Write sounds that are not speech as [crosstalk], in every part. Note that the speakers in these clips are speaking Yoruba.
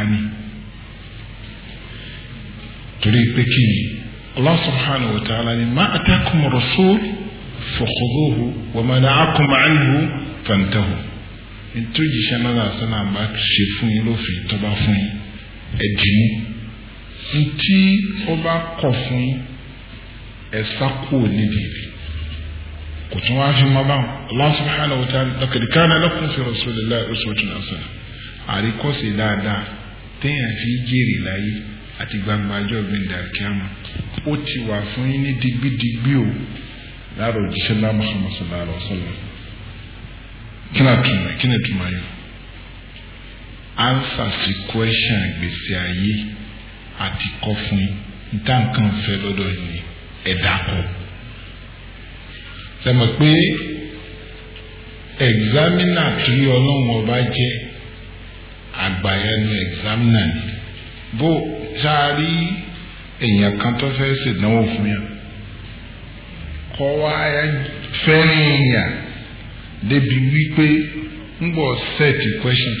àlùkùránì torí pé kí ni Allah subhanahu wa ta'ala ni ma atakum rasul fakhuduhu wa mana'akum anhu fantahu nítorí sẹ́nà lásán náà bá ṣe fún yín lófin tó bá fún yín ẹ̀dínú ntí ó bá kọ̀ fún yín ẹ̀sá kúrò níbi rẹ̀ kò tún wá fi mọ́ báwọn Allah subhanahu wa ta'ala laqad kana lakum fi rasulillahi uswatun hasanah àríkọ́sí dáadáa téèyàn fi jèrè láyé àti gbangba ọjọ́ gbẹ̀ndà kíámà ó ti wà fún yín ní digbidigbi o lára òjíṣẹ́ náà Muhammad sallallahu alaihi wa sallam kí ni àtúmọ̀ kí ni àtúmọ̀ yìí answer sí question gbèsè ayé àti kọ́ fún yín níta nǹkan fẹ́ lọ́dọ̀ yìí ẹ̀dá kọ́ sẹ́mi pé examiner tí ọlọ́run ọba jẹ́ agbanyeghị na ni bó tá èèyàn kan tó fẹ́ ṣèdánwò fún yàn kọ́ débi wípé ń bọ̀ sẹ́ẹ̀tì question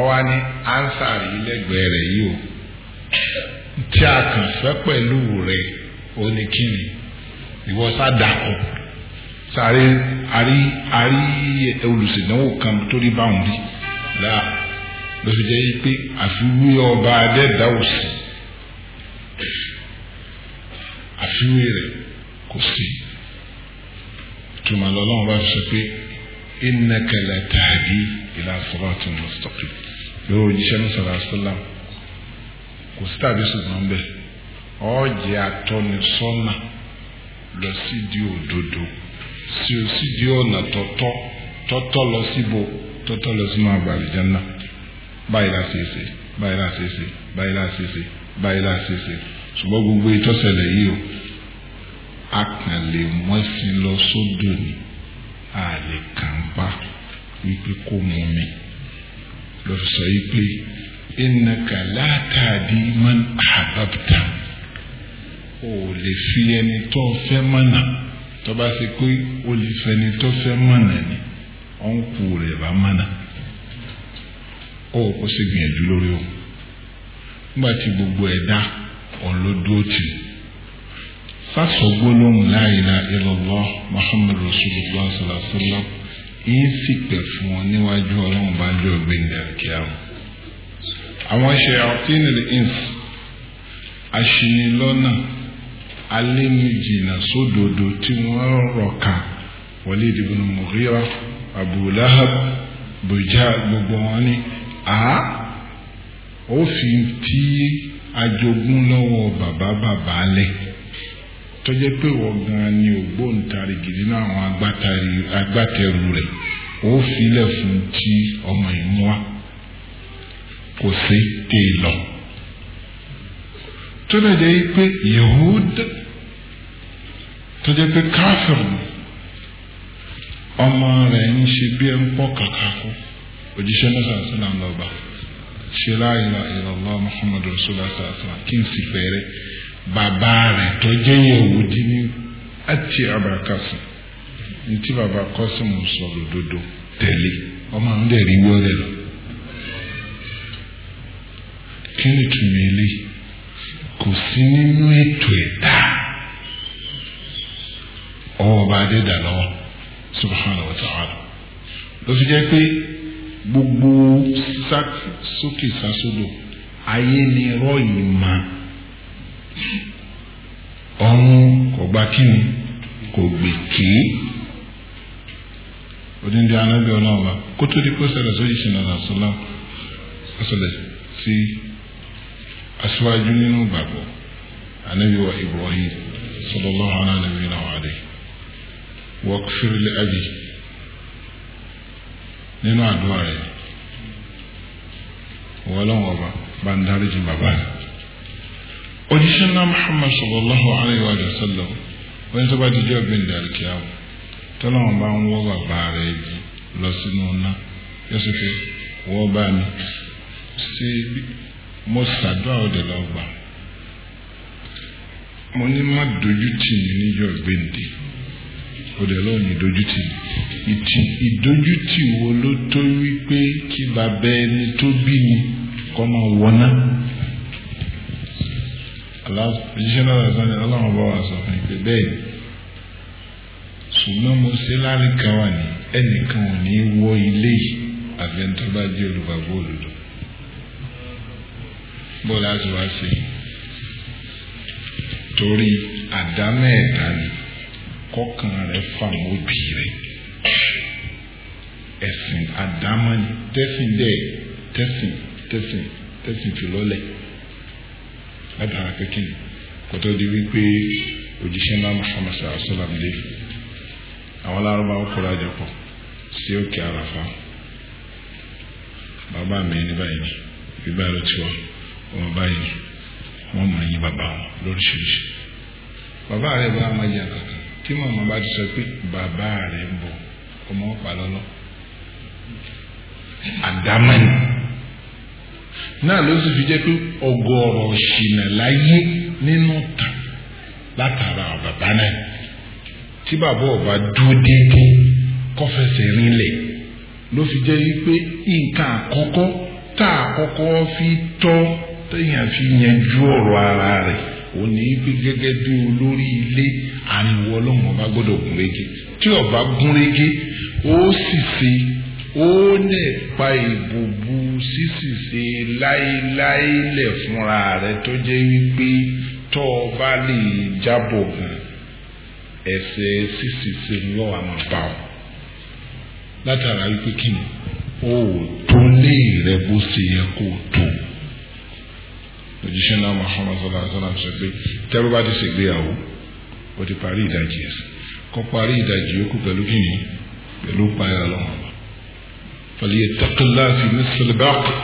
ọwá ní ánsà rí lẹ́gbẹ̀ẹ́ rẹ̀ yìí o tí a kàn fẹ́ pẹ̀lú rẹ̀ ní kí ni ìwọ sáré àrí àrí olùsèdánwò kan báwọn lọ́sọ jẹ́ yí pé àfiwé ọba adẹ́dá òsì àfiwé rẹ̀ kò sí tuma lọ́lọ́run bá sọ pé innaka la tahdi ila siratin mustaqim yóò òjíṣẹ́ ní sọ̀rọ̀ àṣọlám kò sí tàbí ṣùgbọ́n bẹ́ẹ̀ ọ̀jẹ̀ atọ́nisọ́nà lọ sí di òdodo sí o sí di ọ̀nà tọ́tọ́ tọ́tọ́ lọ síbo tọ́tọ́ lọ sínú àbàlìjẹ́ náà báyìí láti ṣe báyìí láti ṣe báyìí láti ṣe báyìí láti ṣe ṣùgbọ́n gbogbo ìtọ́sẹ̀lẹ̀ yìí o a kàn lè wọ́n sí lọ sódò ni a lè kàn pa wípé kó mú mi lọ sọ yìí pé innaka la man ahbabta o lè fi ẹni tó fẹ́ mọ̀nà tó ṣe pé o lè fẹ́ni tó fẹ́ mọ̀nà ni ọ̀nkù rẹ̀ bá mọ̀nà. ó kó sì gbìyànjú lórí o nígbà tí gbogbo ẹ̀dá ọ̀lọ́dúró tì sásọ gbólóhùn la muhammed rasulullah sallallahu alaihi sì pẹ̀ fún ọ níwájú ọlọ́run bá jọ gbẹ̀ngà àwọn ins tí wọ́n rọ̀ ká Walid ibn Mughira Abu Lahab gbogbo wọn a ó fi tí ajogún lọ́wọ́ bàbá bàbá lẹ̀ tó jẹ́ pé wọ́n gan ni ògbóǹtarìgì nínú àwọn agbátẹrù rẹ̀ ó filẹ̀ fún tí ọmọ ìmú wa kò sí tè lọ tó lè jẹ́ pé yehud tó jẹ́ pé káfíìn ọmọ rẹ̀ ń ṣe bí ẹ ń pọ̀ kàkà òjíṣẹ́ náà sọ̀rọ̀ sọ́là ń lọ bá ṣe la ilaha illallah muhammadu rasulullah sàlá kí n sì fẹ́rẹ́ bàbá rẹ̀ tó jẹ́ Yẹhudi ní àti abakasi ní tí bàbá kọ́sìmù sọ̀rọ̀ dodo tẹ̀lé ọmọ àwọn dẹ̀ rí wọ́ọ̀rẹ́ lọ. kí ni tùmí eléyìí kò sí nínú ètò ẹ̀dá ọba adédàlọ́ subhanahu wa ta'ala ló pé. gbogbo sókè sásódò ayé ni irọ́ yìí ma ọ̀run kò gba kíni kò gbè ké odindi anabi ọlọ́ọ̀ba kó di kó ṣẹlẹ̀ sóyè na nàdà sọlá sí aṣíwájú nínú ìgbàgbọ́ anabi wa Ibrahim sallallahu alaihi wa alihi waqfir li abi. nínú àdúrà rẹ̀ wọ́n lọ́wọ́ ọba bá ń dáríjì bàbá rẹ̀. òjíṣẹ́ náà Muhammad sallallahu alayhi wa sallam wọ́n tó bá ti jẹ́ ọ̀gbìn dàrí kí á wọ̀ tọ́lọ́wọ́n bá ń wọ́ bàbá rẹ̀ yìí lọ sínú iná yẹ́sì pé wọ́n bá mi ṣe mo ṣàdúrà òde lọ́gbà mo ní má dojú tì mí níjọ́ ọ̀gbìn ó dẹ̀ lóun ìdójútì ìtì ìdójútì wo ló tó wípé kí bàbá ẹni tó bí ni kọ́ máa wọná aláṣẹ náà sáré aláwọ̀ bá wà sọ fún ìpè bẹ́ẹ̀ ṣùgbọ́n mo ṣe láàrin kan wà ní ẹnìkan ò ní wọ ilé yìí àfẹnutọ́ bá jẹ́ olùgbàgbọ́ òdodo wá sí i torí àdámẹ́ẹ̀dá ni kọ́kàn rẹ̀ fà mọ́bì rẹ̀ ẹ̀sìn àdámọ́ni tẹ́sìn dẹ̀ tẹ́sìn tẹ́sìn tẹ́sìn fi lọ́lẹ̀ látara kékeré kótó di wípé òjíṣẹ́ náà Muhammad sallallahu alayhi wa sallam dé àwọn alárúbáwò kóra jẹ pọ̀ sí òkè àràfà bàbá mi ní báyìí ní bíbá ló ti wọ ọmọ báyìí wọn mọ yín bàbá wọn lóríṣiríṣi bàbá rẹ bá máa yẹ àkàkà tí màmá bá ti sọ pé bàbá rẹ̀ ń bọ̀ ọmọ ọ̀pá lọ́lọ́ àdámẹ́ni náà ló sì fi jẹ́ pé ọgọ́rọ̀ ṣìnà láyé nínú ta látara bàbá náà tí bàbá ọba dúró déédéé kọ́fẹsẹ̀ rinlẹ̀ ló fi jẹ́ wípé nǹkan àkọ́kọ́ tá a fi tọ́ téèyàn fi yanjú ọ̀rọ̀ ara rẹ̀ òní pé olórí ilé àníwọ ọlọ́run ọba gbọ́dọ̀ gún régé tí ọba gún régé ó sì ṣe ó lè pa ìbùbù sísìse láéláé lẹ̀ fúnra rẹ̀ tó jẹ́ wípé tọ́ ọ bá lè jábọ̀ gan ẹsẹ̀ sísìse lọ́wọ́ àmọ́ bá ọ látara wípé kí ni ó tó lé rẹ bó ṣe yẹ kó tó òjíṣẹ́ náà Muhammad sallallahu alaihi wasallam pé tẹ́rù bá ti ṣègbéyàwó ó ti parí ìdajì ẹ̀sìn kọ́ parí ìdajì yòókù pẹ̀lú kíni pẹ̀lú páyà ọlọ́run ọba falyattaqillah fi mithli al-baqi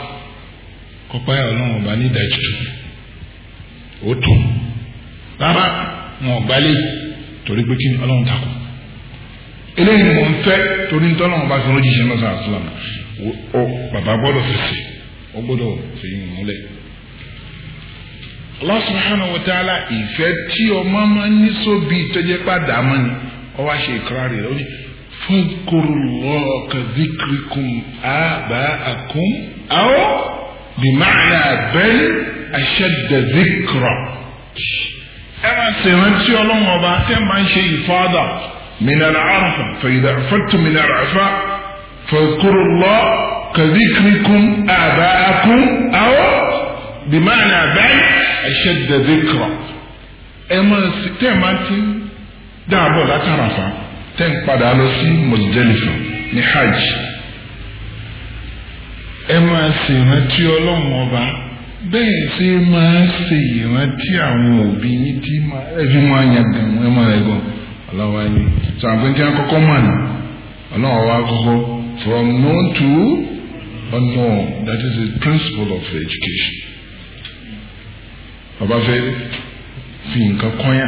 kọ́ páyà ọlọ́run ọba ní ìdajì tó ó tó rárá wọn ò gbálẹ̀ torí pé kíni ọlọ́run takò eléyìí mò ń fẹ́ torí ń tọ́lọ́run ọba fi rán jíṣẹ́ náà sàásùlámù ó bàbá gbọ́dọ̀ fèsì ó gbọ́dọ̀ fèyí múlẹ̀. Allah subhanahu wa ta'ala ìfẹ́ tí ọmọ máa ń ní sóbi ìtọ́jẹ́ padà mọ́ ni ọ wá ṣe ìkírárì rẹ̀ ó ní fadhkurullaha ka dhikrikum aba'akum aw bima'na bal ashadda dhikra. ẹ máa ṣe ìrántí ọlọ́run ọba tẹ́ máa ń ṣe ìfọ́dà minal arafa fa idha afadtum minal arafa fadhkurullaha ka dhikrikum aba'akum aw bìmáàni àbẹ́n ẹ̀ṣẹ́ dẹ̀dẹ̀ kọ̀ ẹ máa sì tẹ́ ẹ máa ti dáàbọ̀ látàràfà tẹ́ ń padà lọ sí mọ̀lìdẹ́lifọ̀ ní hajj ẹ máa sì rántí ọlọ́run ọba bẹ́ẹ̀ ṣe máa ṣe ìrántí àwọn òbí yín tí ẹbí máa yàn gàn ẹ máa rẹ̀ gan ọlọ́wà yín sọ àpẹẹrẹ akọ́kọ́ mà ní ọlọ́wà from known to unknown that is the principle of education ọba fẹ́ fi nǹkan kọ́yà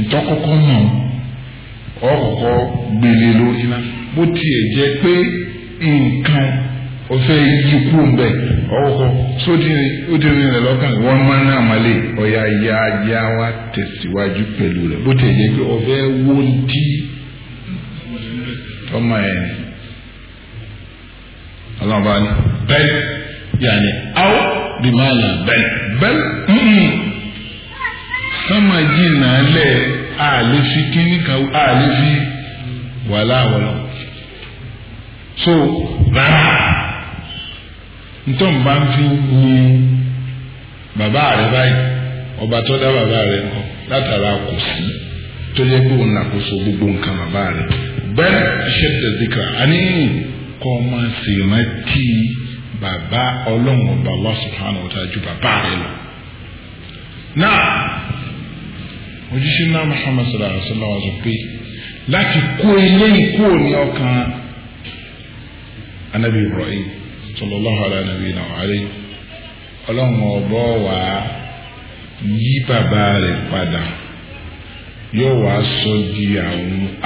ìtọ́kọ́kọ́ mọ̀ ọkọ̀kọ́ gbélé lórí náà bó tiẹ̀ jẹ́ pé nǹkan ọ̀fẹ́ yí kú mbẹ́ ọkọ̀kọ́ sódì ní rẹ̀ lọ́kàn wọ́n máa ń àmàlè ọ̀yà ya ya wa tẹ̀síwájú pẹ̀lú rẹ̀ bó tiẹ̀ jẹ́ pé ọ̀fẹ́ wó ń dí ọmọ ẹ̀ ọlọ́mọba ni bẹ́ẹ̀ yàní áwọ̀ bí máa nà kama jìnnà lẹ̀ a lè kan fi so rárá ntọ́n bá fi yin bàbá rẹ báyìí ọba tó dá bàbá rẹ nǹkan látara kò sí tó yẹ kó nàkóso gbogbo nǹkan bàbá rẹ bẹ́ẹ̀ iṣẹ́ tẹ̀síkà àní kọ́ máa ṣèrántí bàbá ọlọ́run ọba ju bàbá rẹ lọ. náà òjíṣẹ́ náà Muhammad sallallahu alaihi wa sallam sọ pé láti kó eléyìí kó ní ọkàn anabi Ibrahim sallallahu alaihi wa sallam ọlọ́run ọ̀bọ wà á yí bàbá rẹ̀ padà yóò wá sọ di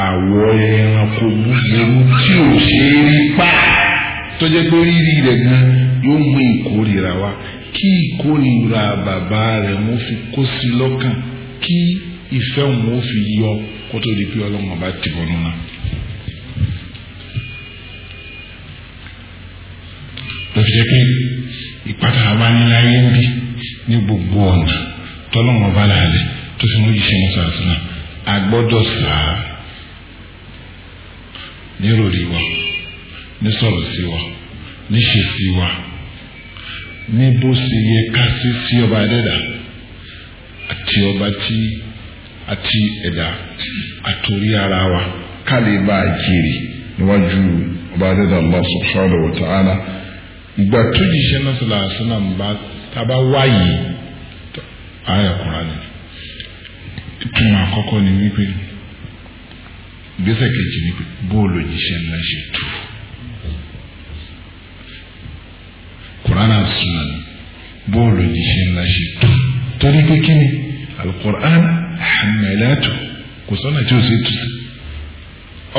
àwọ̀ ẹranko búburú tí ò ṣe é rí pa tó jẹ́ pé rírí rẹ̀ gan yóò mú ìkórìíra wá kí ìkórìíra bàbá rẹ̀ mú fi kó sí lọ́kàn kí ìfẹ́ òun ó fi yọ kó tó di pé ọlọ́run ọba ti bọ̀ nù náà. lọ́fi jẹ́ pé ìpàtàkì wa ní láyé ń bí ní gbogbo ọ̀nà tọ́lọ́run ọba láàlẹ́ tó fi mú ìṣe mọ́tò àti náà a gbọ́dọ̀ sá níròrí wa ní sọ̀rọ̀ sí wa ní ṣe sí wa ní bó ṣe yẹ ká sí sí ọba ẹ̀dẹ́dà àti ọba tí àti ẹ̀dá àtòrí ara wa ká lè bá a jèrè níwájú ọba adẹ́dàá Allah subhanahu wa ta'ala ìgbà tó jíṣẹ́ náà sọ̀rọ̀ àṣìnà bá tábà wáyé ààyè Kùránì ìtumọ̀ àkọ́kọ́ ni wípé ìgbésẹ̀ kejì ni pé bóòlù jíṣẹ́ náà ṣe tù Kùránì àṣìnà bóòlù jíṣẹ́ náà ṣe tù torí pé kí ni alukur'an hamilatu kò sọ́nà tí o ṣe tu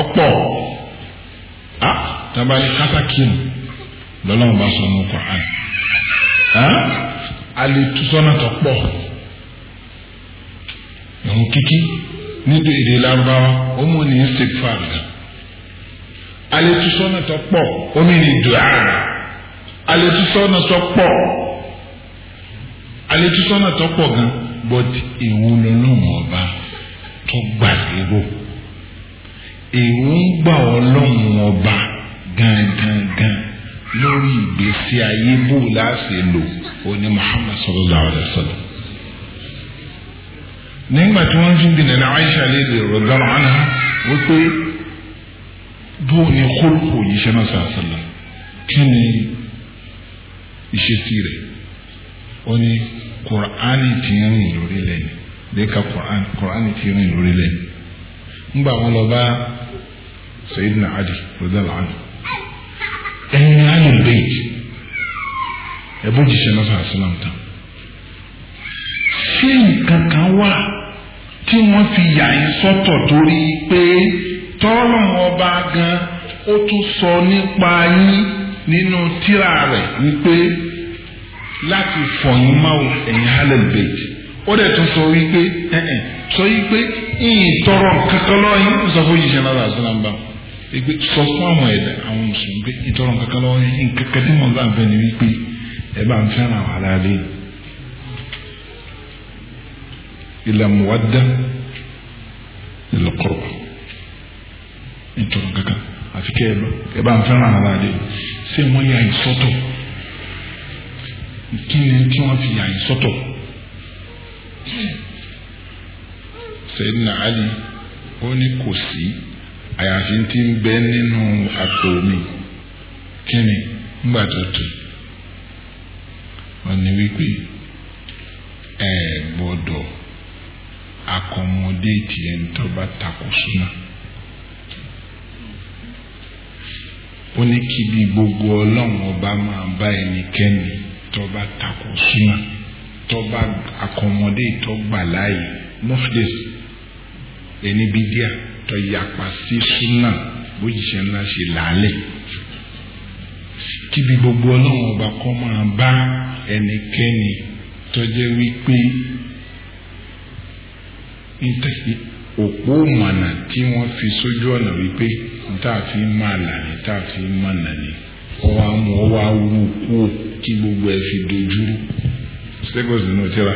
ọ̀pọ̀ ah, a tabali katakin lọ́lọ́run bá sọ nù kur'an ah, a alẹ́ tu sọ́nà tó pọ̀ ìrun kíkí níbi èdè lárúbáwá ó mú ní istikfar gan alẹ́ tu sọ́nà tó pọ̀ ó ní dùá alẹ́ tu sọ́nà tó pọ̀ alẹ́ tu sọ́nà tó pọ̀ gan but èwo lọ́lọ́run ọba tó gbà lérò èròǹgbà ọlọ́run ọba gangan lórí ìgbésí ayé bò láti lò ó ní Muhammad sallallahu alayhi wa sallam nígbà tí wọ́n tún bìnnà Aisha lè lè rọ̀dọ́rọ̀ àná wípé bó ni kólkó yìí ṣe náà sàásàlá kí ni ìṣesí rẹ̀ ó kùránì ti ń rìn lórílẹ̀ lẹ́ka kùránì kùránì ti ń rìn lórílẹ̀ ńgbà wọn lọ bá Ali rọdàlá àná ẹ̀yin àlù náà sàn sílám tán ṣé nǹkan kan wà tí fi yà ọba gan ó sọ nípa yín nínú láti fọyín má o ẹ̀yin halal bait ó dẹ̀ tún sọ wípé ẹ̀ẹ́n sọ wípé ìyìn tọrọ kankan lọ́yìn ó sọ fún yìí ṣe náà àṣọ nàmbà wípé sọ fún àwọn ẹ̀dá àwọn mùsùlùmí pé ìtọrọ kankan lọ́yìn kankan tí wọ́n bá ń fẹ́ ni wípé ẹ bá ń fẹ́ràn àwọn aláàlẹ́ ila muwadda lil qurba ìtọrọ kankan àfi kẹ́ ẹ bá ń fẹ́ràn àwọn aláàlẹ́ ṣé wọ́n yà ìsọ́tọ̀. kí ni tí wọ́n fi yàn sọ́tọ̀ Sayyidina Ali ó ní kò sí àyàfi tí ń nínú mi kí ni ńgbà ẹ gbọ́dọ̀ akọmọdéètì gbogbo máa tọba tako suna tọba akọmọdé tọgbà láàyè muflis ẹni bí díà tọ yapa sí suna bójìṣẹ́ ńlá ṣe làálẹ̀ kíbi gbogbo ọlọ́run ọba kọ́ máa bá ẹnikẹ́ni tọ́jẹ́ wípé òpó mọ̀nà tí wọ́n fi sójú ọ̀nà wípé tá máa là ní tá máa nà ní ọwọ́ amú ọwọ́ awú kúrò kí gbogbo ẹ̀ fi dojúrú sẹ́gbọ̀sì nínú tíra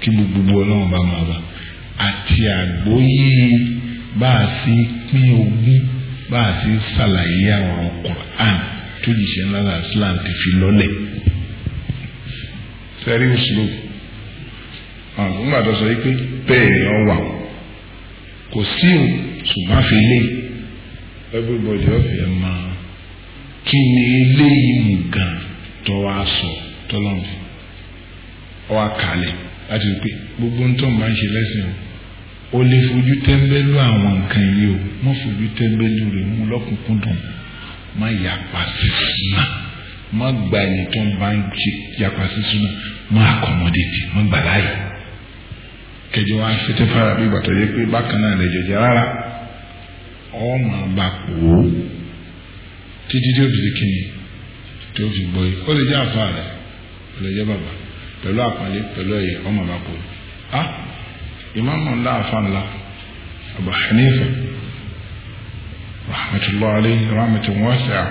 kí gbogbo ọlọ́run bá máa bá àti àgbóyé bá a sì pín ogún bá a sì ṣàlàyé àwọn Qur'an tó jìṣẹ́ ńlá islam ti fi lọ́lẹ̀ sẹ́rí òṣèlú àwọn gbàdọ̀ sọ wípé bẹ́ẹ̀ ni wọ́n wà kò sí ṣùgbọ́n àfi everybody ọ̀fẹ́ máa kí ni eléyìí nǹkan tó wá sọ tọ́lọ́mù ọwá kalẹ̀ láti rí pé gbogbo ntọ́ máa ń ṣe lẹ́sìn o lè fojú tẹ́ńbẹ́lú àwọn nǹkan yìí o má fojú tẹ́ńbẹ́lú rẹ̀ mú lọ́kùnkúndùn má yapa sí súnà má gba ẹni tó ń bá ń ṣe yapa sí súnà má accommodate má gbà láàyè kẹjọ wa fẹtẹ fara bí gbàtọ yẹ pé bákan náà lẹjọ jẹ rárá ọ máa bá pò ó. títí tí ó fi tí ó fi gbóyè ó lè jẹ́ àfa rẹ̀ ó lè jẹ́ bàbá pẹ̀lú àpọ́nlé pẹ̀lú ẹ̀yẹ ọmọ bá kú a ìmáàmù ńlá àfa ńlá Abu Hanifa rahmatullahi alayhi rahmatun wasi'a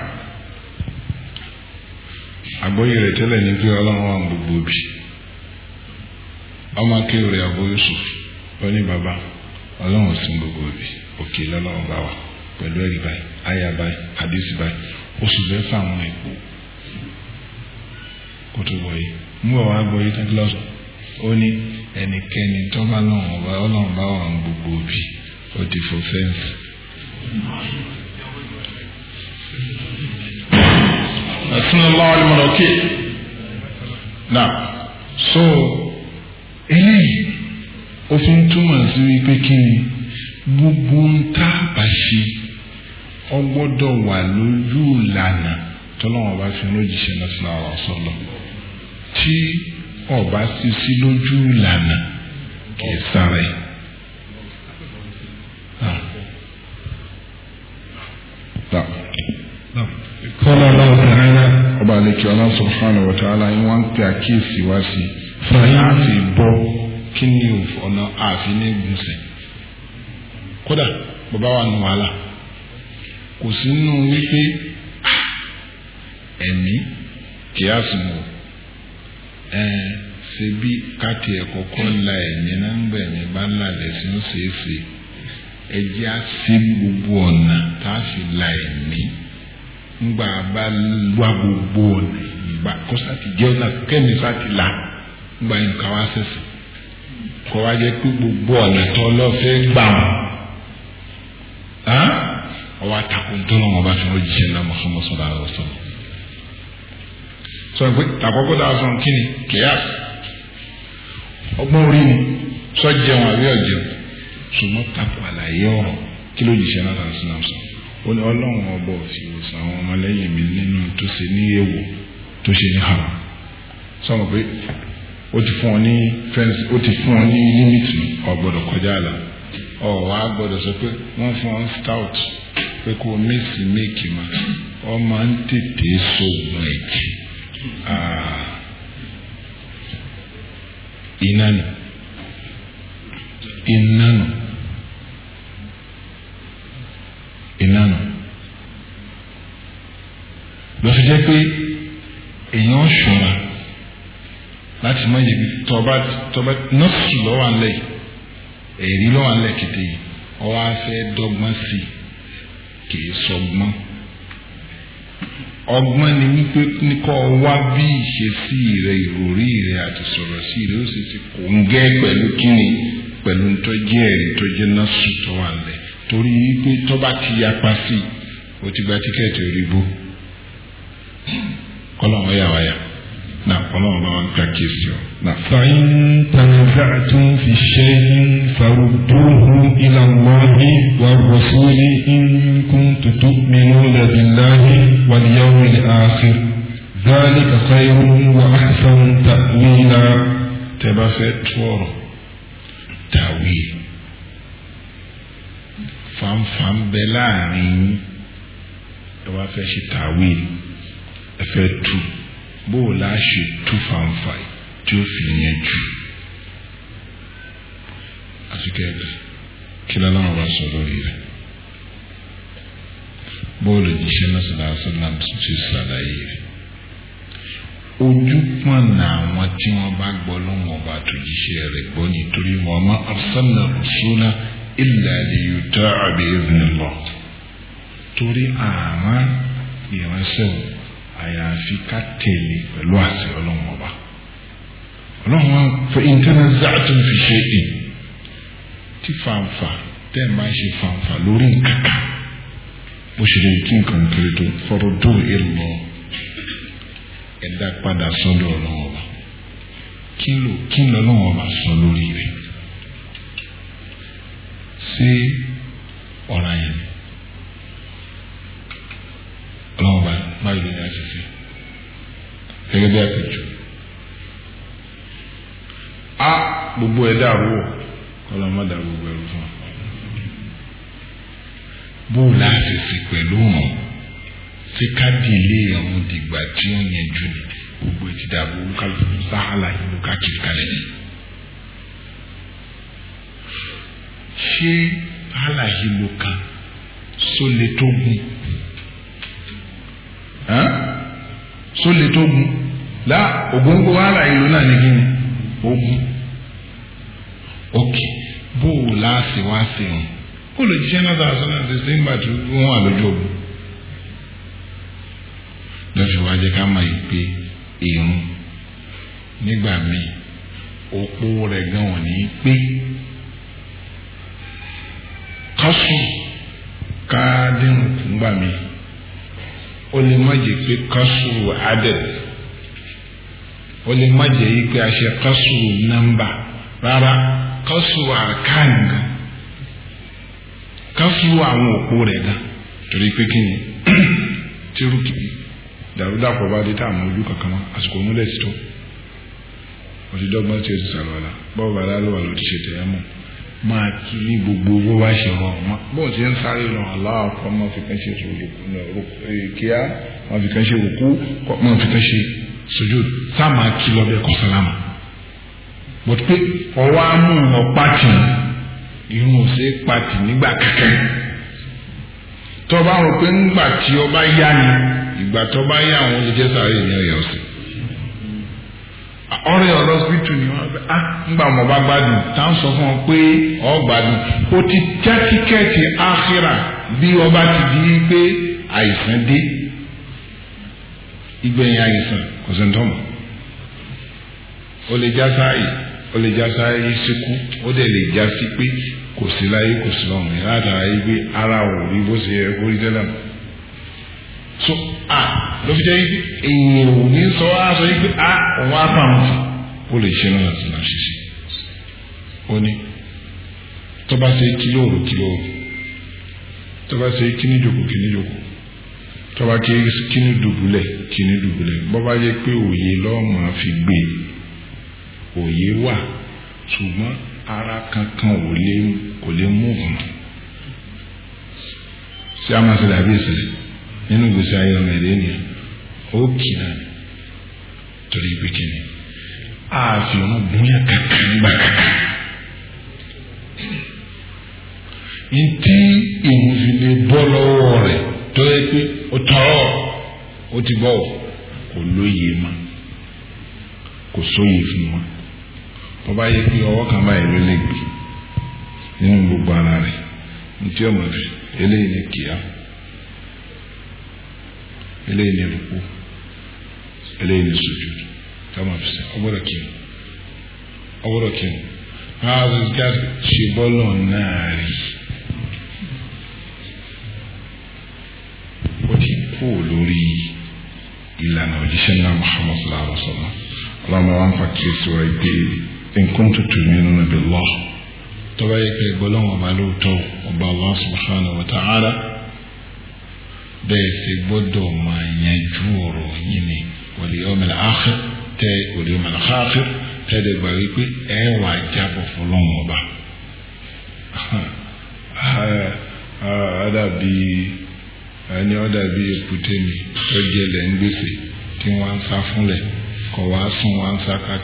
àgbọ́yé rẹ̀ tẹ́lẹ̀ ní pé ọlọ́run wà gbogbo bí ọmọ ó ní bàbá ọlọ́run gbogbo òkè lọ́lọ́run bá wà hadisi báyìí oṣù mẹ́fà wọn ẹ̀ kó tó bọ̀ yìí mú ọ̀ wá gbọ́ yìí tẹ́kí lọ́sọ̀ ó ní ẹnikẹ́ni tọ́ba lọ́wọ́n ọba ọlọ́run bá wà ń gbogbo òbí ó ti fò fẹ́ǹsì. ẹ̀sìn lọ́wọ́ ni mo lọ kí na so eléyìí ó fi ń túmọ̀ sí wípé kí ni gbogbo ń tá a bá ṣe ọ gbọ́dọ̀ wà lójú ìlànà tọ́lọ́wọ́n bá fi lójíṣẹ́ náà sílá ọ̀rọ̀ sọ́lọ́ tí ọba ti sí lójú ìlànà kìí sára ẹ̀. kọ́lá aláwọ̀ tààrà ọba àlekí ọlá subhanahu wa ta'ala yín wá ń pè àkíyèsí wá sí i fún àti bọ́ kí ni ọ̀nà àfi ní gbèsè kódà bàbá wa nù wàhálà kò sí nínú wípé ẹ̀mí kì á sùn o ẹ ṣe bí káàtì ẹ̀kọ́ kọ́ la ẹ̀mí náà ń bẹ̀ ẹ̀mí bá ń lálẹ́ sí ń ṣe é ṣe ẹ jẹ́ á sí gbogbo ọ̀nà tá a fi la ẹ̀mí ńgbà bá wá gbogbo ọ̀nà ìgbà kó sáti jẹ́ ọ̀nà kẹ́mi sáti la ńgbà yín ká wá sẹ̀sẹ̀ kọ́ wá jẹ́ pé gbogbo ọ̀nà tó lọ́ fẹ́ gbà wọ́n wá takò ntọ́nà wọn bá fi hàn jíṣẹ́ ńlá Muhammad sallallahu alaihi wasallam. sọ pé àkọ́kọ́ dáa fún kí ni kíyàs ọgbọ́n orí ni sọ jẹun àbí ọ̀jẹun ṣùgbọ́n takò àlàyé ọ̀rọ̀ kí ló jíṣẹ́ ńlá ni sọ̀rọ̀ ó ní ọlọ́run ọba òfin òsàn àwọn ọmọlẹ́yìn mi nínú tó ṣe ní èèwọ̀ tó ṣe ní haram sọmọ pé ó ti fún ọ ní fẹ́ǹsì ó ti fún ọ ní límìtì ọ̀gbọ́dọ̀ kọjá àlà ọ̀ wá gbọ́dọ̀ sọ pé wọ́n fún ọ ní stout pé kó mísì méèkì mọ́ ọ máa ń tètè sógun ẹ̀jẹ̀ iná nù iná nù iná nù lọ́sọ̀ jẹ́ pé èèyàn ṣọ́ra láti má yẹ tọ́ba tọ́ba nọ́ọ̀sì lọ́wọ́ àlẹ́ yìí èrí lọ́wọ́ àlẹ́ kété yìí ọ wá fẹ́ dọ́gbọ́n sí i kìí sọgbọ́n ọgbọ́n ni wípé kọ́ wá bí ìṣesí rẹ ìròrí rẹ àti sọ̀rọ̀ sí rẹ ó sì ti kò ń gẹ́ pẹ̀lú kíni pẹ̀lú ntọ́jú ẹ̀rí ntọ́jú náà sùn tó torí wípé tọ́ba ti yapa sí i ó ti gba tíkẹ́ẹ̀tì orí bó kọ́lọ́ wọn yà wáyà na ọlọ́run bá wọn ká kíyèsí ọ. fàyín tanza'tum fi shay'in farudduhu ila Allahi wa rasuli in kuntum tu'minuna billahi wal yawmil akhir dhalika khayrun wa ahsanu ta'wila. tẹ́ bá fẹ́ tọrọ tàwí fanfan bẹ láàrin ẹ wá fẹ́ ṣe tàwí ẹ fẹ́ tù bó o la ṣe tú fanfa tí ó fi yẹn jù àti kẹ́ẹ̀dì kí lọ́lọ́run bá sọ lórí rẹ̀ bó o lè jíṣẹ́ náà sọ̀rọ̀ àṣọ̀nà tuntun ṣàlàyé rẹ̀ ojú pọ̀nà àwọn tí wọ́n bá gbọ́ lọ́wọ́ bá tó jíṣẹ́ rẹ̀ gbọ́ nítorí wọn ma arsalna rusula illa liyuta'a bi idhnillah torí àmọ́ ìránṣẹ́ òun àyàfi ká tẹ̀lé pẹ̀lú àṣẹ ọlọ́run ọba ọlọ́run wa fẹ́ ìntẹ́nà záàtún fi ṣe é tí fanfa tẹ́ ẹ̀ máa ṣe fanfa lórí nǹkan kan bó ṣe lè kí nǹkan kiri tó fọ́rọ̀ dùn ìlọ ẹ̀dá padà sọ́dọ̀ ọlọ́run ọba kí ló kí lọ́lọ́run ọba sọ lórí rẹ̀ ṣé ọ̀ràn yẹn gẹ́gẹ́ bí àpèjú a gbogbo ẹ̀ dàrú o kọ́lọ́ má dàrú gbogbo ẹ̀rú fún wa bó láti sí pẹ̀lú òun ṣé ká dìlé ọ̀hún dìgbà tí ó yẹn jù ní gbogbo ètí dàbò olúkálùkù sáhálà ìlú káàkiri kalẹ̀ ni. ṣé sáhálà ìlú kan sólè tó gùn sólè tó gùn. lá ògóńgó ala ìlú náà ní kíni ogun òkè bó o láàsì wá sí wọn kó lè jíṣẹ́ náà sọ̀rọ̀ sọ́nà ṣe ṣe ń gbà wà lójú ogun jẹ́ ká máa irun nígbà míì rẹ̀ gan ò pé míì ó lè má jẹ́ yìí pé a kasu kọ́sù nọ́mbà rárá kọ́sù àrkáàni gan kọ́sù àwọn òpó rẹ̀ gan torí pé kí ni [clears throat] tírùkì dàrúdàpọ̀ bá dé tá àmọ́ ojú kankan mọ́ àsìkò múlẹ̀ ti tó ó ti dọ́gbọ́n tí ó ti sàlọ́lá bọ́ọ̀ bá dá lọ́wọ́ ló ti ṣe tẹ̀yẹ́ mọ́ máa kí ní gbogbo owó wá ṣe rọ ọmọ bó ti ń sáré lọ aláàkọ́ máa fi kán ṣe rògbò náà kíá máa fi kán ṣe òkú máa fi kán ṣe sujud sáàmà kìlọ̀ bẹ́ẹ̀ kọ́ sálámà but pé ọwọ́ amú lọ pàtì irun ò ṣe pàtì nígbà kẹkẹ tọba rò pé ńgbà tí ọba yá ni ìgbà tọba yá àwọn olùjẹ sáré ní ọyọ ọsẹ ọ̀rẹ́ ọlọsibítù ni wọn bẹ ah ńgbà wọn bá gbádùn tá à ń sọ fún ọ pé ọ gbádùn o ti tẹ tíkẹ́ẹ̀tì áhírà bí ọba ti di pé àìsàn dé ìgbẹ̀yìn àìsàn kò sí ntọ́mọ̀ Ole lè já sáàyè ó lè já sáàyè síkú ó dẹ̀ lè já sí pé kò sí láyé kò sí lọ́run látara yìí pé ara ò rí bó ṣe yẹ kó rí tẹ́lẹ̀ mọ́ so a ló fi jẹ́ yìí pé èèyàn ò ní sọ á yìí pé a òun á pa òun ó lè ṣe náà láti máa ṣiṣẹ́ ó ní tó bá ṣe kí lóòrò kí ṣe kí níjòkó tọ́ba kí kíní dùbúlẹ̀ kíní dùbúlẹ̀ bọ́ba yẹ pé òye lọ́ọ̀mù àfi gbé òye wà ṣùgbọ́n ara kankan kò lè mú òun sí amásílẹ̀ àbí ìsìlẹ̀ nínú gbèsè ayé ọmọ ẹ̀dẹ́ ènìyàn ó kì náà torí pé kíni àfi ọ̀nà gbóyà kankan gbà kankan ntí. O ti gbọ́ kò lóye mọ́ kò sóye fún wọn bọ́bá yẹ pé ọwọ́ kan báyìí ló lè gbé nínú gbogbo ara rẹ̀ ní tí ọmọ rẹ̀ eléyìí ni kíá eléyìí ni rúkú eléyìí ni sojú táwọn fi sẹ ọgbọ́dọ̀ kí n ọgbọ́dọ̀ kí n máa ṣe bọ́lọ̀ náà rí máa wá ń fa kíyèsí wa pé nǹkan tuntun mi nínú bí lọ. tọ́ba yẹ pé gbọ́lọ́wọ́n ọba lóòótọ́ ọba Allah subhanahu wa ta'ala bẹ́ẹ̀ ṣe gbọ́dọ̀ máa yanjú ọ̀rọ̀ yìí ni wal yawmil akhir tẹ wal yawmil akhir tẹ́ ẹ̀ gbà wípé ẹ̀ wà jábọ̀ fọlọ́wọ́n ọba àdàbí [laughs] ah, ah, ẹni ọ̀dàbí èkúté ni tó jẹlẹ̀ ń gbèsè tí wọ́n ń sá fúnlẹ̀. ka ọ wee asụ nwa nsọ aka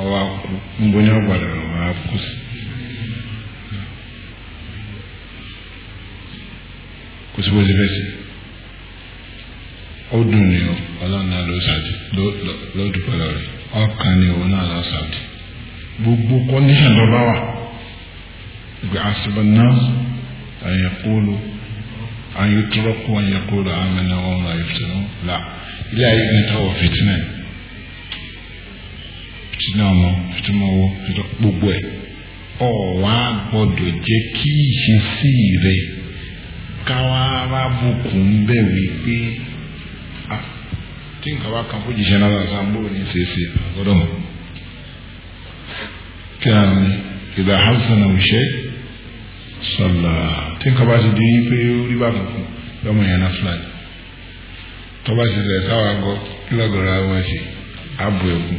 ọwa akwụ mgbe onye ọ gwara wee kwụsị lo ọdún ni ọlọ́run náà ló sàdí lọ́dúpẹ́ lọ́rẹ́ ọkàn ni òun náà lọ sàdí gbogbo kọ́ndíṣàn ló bá wà gbé àṣìbọn náà àyẹ̀kóòlù àyẹ̀tọ́rọ́kù àyẹ̀kóòlù àmì ilé ayé sínú ọmọ fìtúmọ̀ owó fìtúmọ̀ gbogbo ẹ̀ ọ̀ wá gbọ́dọ̀ jẹ́ kí ìṣesí rẹ̀ káwá arábùkù ń bẹ̀ wípé tí nǹkan bá kan fún jíṣẹ́ náà lọ́sà ń bòrò ní ṣeéṣe àgọ́dọ̀ mọ̀ kí a ní ìdá hasan òṣè sọlá tí nǹkan bá ti di wípé ó rí bákan fún lọ́mọ yẹn náà fúlàní tọ́ba ti rẹ̀ sáwọn agọ́ kí lọ́gọ̀rọ̀ àwọn ẹ̀sìn ààbò ẹ̀kú.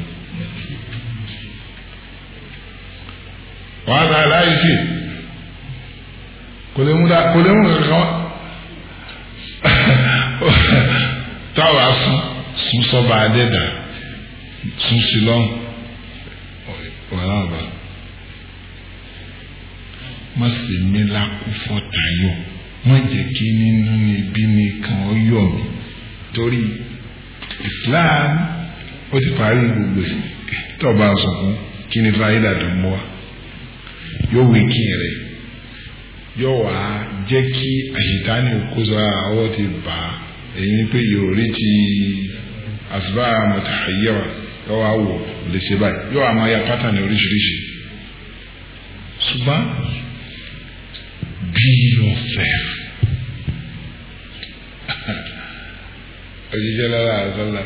wàá da láyé sí kò lè mú da kò lè mú kankan wá [laughs] táwa sùn sùn sọba adẹ́dà sùn sí lọ́hùn wàhálà bá má sì mí lákú fọ́tà yọ má jẹ́ kí nínú ni bí nìkan ọ yọ Islam ó ti parí gbogbo ẹ̀ tọ́ba sọ fún kí ni fáyidà tó ń yóò wé kí n rẹ̀ yóò wá jẹ́ kí àṣetánì kó sọ àwọ̀ ah, ti bà á èyí pé yóò rí ti àsùbà mọ̀tàhìyẹ̀wà yóò wá wò lè ṣe báyìí yóò wá máa ya pátánì oríṣiríṣi ṣùgbọ́n be yourself. òjijì lára àzọ́là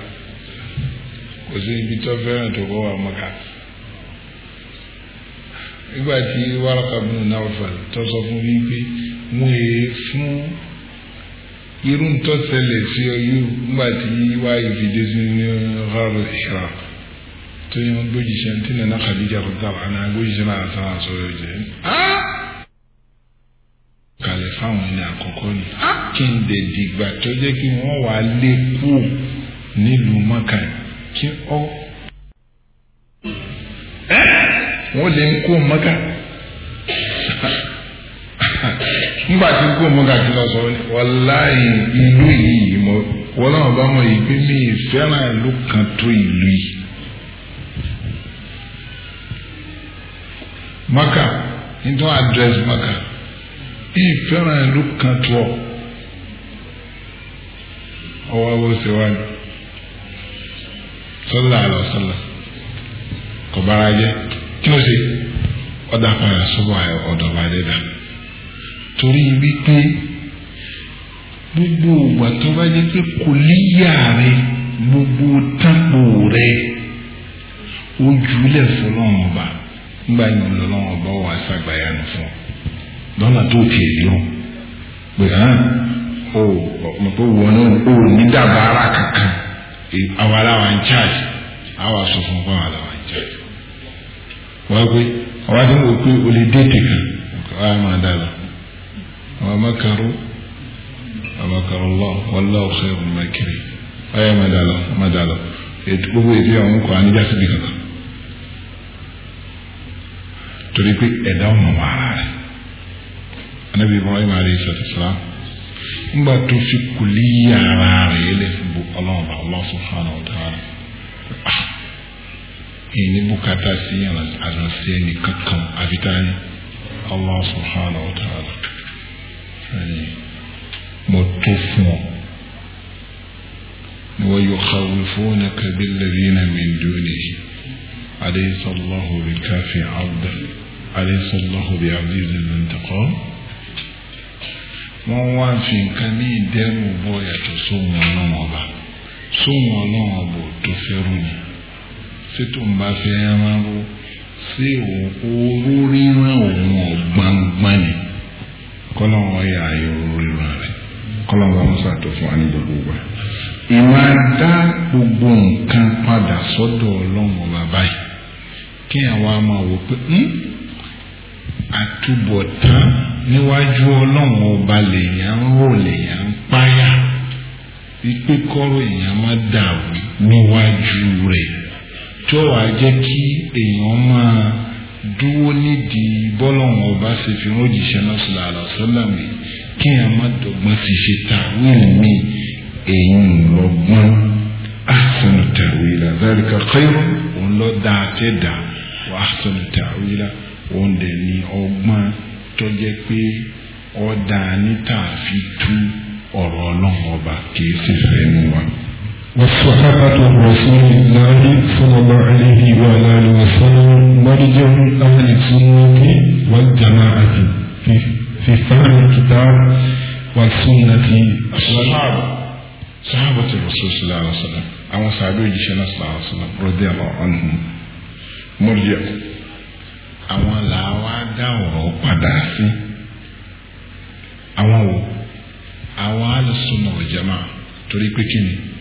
kò sí ibi tó fẹ́ràn tó kọ́ wa mọ́ka. nígbà tí wàràkà bínú náwọ̀fà tó sọ fún mi pé wọ́n èé fún irú tó ṣẹlẹ̀ sí ọyú nígbà tí wá ìfìdí sí ní ọ̀rọ̀ ìṣúra tó yẹn gbójìṣẹ́ tí nana Khadija kò dára àná gbójìṣẹ́ náà sára sọ̀rọ̀ jẹ́ kalẹ̀ fáwọn ẹni àkọ́kọ́ ni kí n dẹ̀ dìgbà tó jẹ́ kí wọ́n wà á lé kú nílùú mọ́kàn kí ọ́ wọ́n lè ń kó mọ́gà nígbà tí kó mọ́gà tí lọ sọ wọ́n wàláì ìlú yìí mọ́ wọ́n náà bá mọ̀ ìgbé mi fẹ́ràn ìlú kan tó ìlú yìí. maka you don address maka ìfẹ́ràn ìlú kan tó ọ ọwọ́ bó ṣe wá ní sọ́lá àlọ́ sọ́lá kọ̀bára jẹ́. kí ló ṣe ọ̀dà padà sọ́wọ́ ọ̀dọ̀ dẹ́dà torí wípé gbogbo ìgbà tó bá jẹ́ pé kò líyà rẹ gbogbo tábò rẹ ojúlẹ̀ fọlọ́run ọba nígbà yìí ọba wà sàgbàyanu fún ọ wọ́n pé àwọn àti wọ́n pé o lè dé tìkà wọ́n á máa dára àwọn amákarú amákarú lọ wallahu khairul makirin wọ́n yẹ máa dára máa dára ètò gbogbo ètò àwọn ọkọ̀ àníjà síbi kankan torí pé ẹ̀dá ọ̀nà wà á rẹ̀ anabi ibrahim alayhi salatu salam ngba tó fi kùlí yàrá rẹ̀ lẹ́fún bu ọlọ́run Allah subhanahu wa ta'ala. ìní bùkátà sí àránṣẹ́ ẹni kankan àfitáyé Allah subhanahu wa ta'ala mo tó fún ọ ni wọ́n yóò kàwé fún ẹ̀ka bí lẹ́bìínà min dunihi alaysa Allahu bi káfí abdá alaysa Allahu bi azizin intiqam wọ́n wá fi nǹkan ní ìdẹ́rù bọ́ yàtọ̀ sóhun ọlọ́run ọba sóhun ọlọ́run ọba ò tó fẹ́rù ni. tí tóun bá fẹ́ ẹran ró sí oró ríran òun ọ̀gbangban ni kọ́lọ́n ọ̀yà ayò ríran rẹ̀ kọ́lọ́n bá musa fún wa ní gbogbo wa. ìwà dá gbogbo nǹkan padà sọ́dọ̀ ọlọ́run ọba báyìí kí àwa máa wò pé hmm, àtúbọ̀tán níwájú ọlọ́run ọba lèèyàn ń rò lèèyàn ń páyà wípé èèyàn má dàrú níwájú rẹ̀ tí ó wàá jẹ́ kí èèyàn máa dúró nídìí bọ́lọ̀hún ọba ṣe fi rọ́jìṣẹ́ náà sọ̀rọ̀ àlọ́sọ́lámì kí èèyàn má dọ̀gbọ́n ti ṣe tàwíìlì mi èèyàn lọ́gbọ́n ahsanu tàwíìlà zalika khairu òun lọ da àtẹ́dà wà ahsanu tàwíìlà òun dẹ̀ ní ọgbọ́n tó jẹ́ pé ọ̀dà níta fi tú ọ̀rọ̀ ọlọ́run ọba kì í sì fẹ́ nu wa. وصحابة رسول الله صلى الله عليه وعلى آله وسلم مرجع أهل السنة والجماعة في في فهم الكتاب والسنة والشرع sahabati rasul sallallahu alaihi wasallam àwọn sàbẹ òjíṣẹ́ náà sallallahu alaihi wasallam rọdí àwọn ọhún mọlẹ àwọn làwa dá ọ̀rọ̀ padà sí àwọn wo àwọn alùsùnà wal jamaa torí pé kí ni